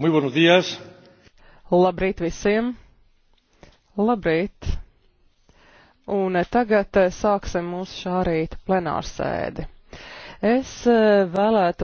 Muy buenos días. Labrīt visiem! Labrīt! Un tagad eh, sāksim mūsu šā rīta plenārsēdi. Es eh, vēlētu